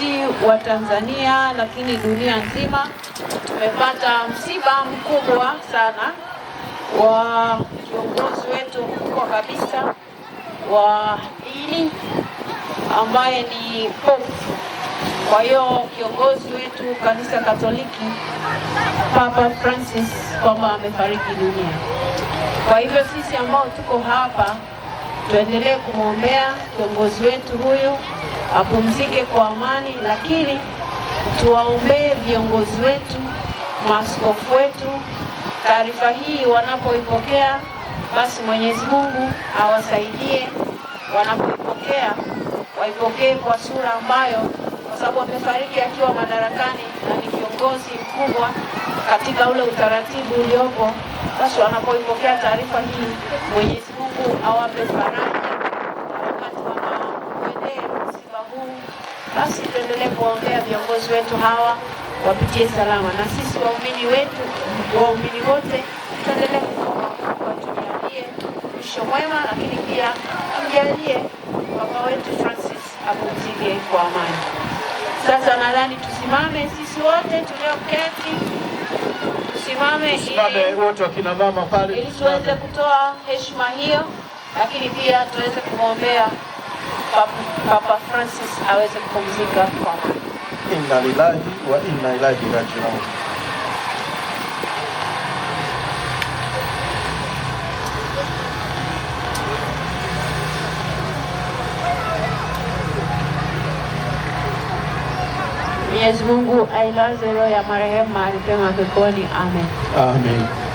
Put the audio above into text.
sisi wa Tanzania, lakini dunia nzima tumepata msiba mkubwa sana wa kiongozi wetu mkubwa kabisa wa dini ambaye ni Pope. Kwa hiyo kiongozi wetu kanisa Katoliki Papa Francis kwamba amefariki dunia. Kwa hivyo sisi ambao tuko hapa tuendelee kumwombea kiongozi wetu huyu apumzike kwa amani, lakini tuwaombee viongozi wetu, maaskofu wetu. Taarifa hii wanapoipokea, basi Mwenyezi Mungu awasaidie, wanapoipokea waipokee kwa sura ambayo, kwa sababu amefariki akiwa madarakani na ni kiongozi mkubwa katika ule utaratibu uliopo, basi wanapoipokea taarifa hii, Mwenyezi Mungu awape faraja. mguu. Basi tuendelee kuwaombea viongozi wetu hawa, wapitie salama, na sisi waumini wetu, waumini wote tuendelee kuomba Mungu mwisho mwema, lakini pia amjalie baba wetu Francis apumzike kwa amani. Sasa nadhani tusimame sisi wote tulioketi, tusimame wote wakina mama pale, ili tuweze kutoa heshima hiyo, lakini pia tuweze kumwombea Papa Francis aweze kupumzika kwa amani. Inna lillahi wa inna ilaihi rajiun. Mwenyezi Mungu ailaze roho ya marehemu mahali pema peponi. Amen. Amen.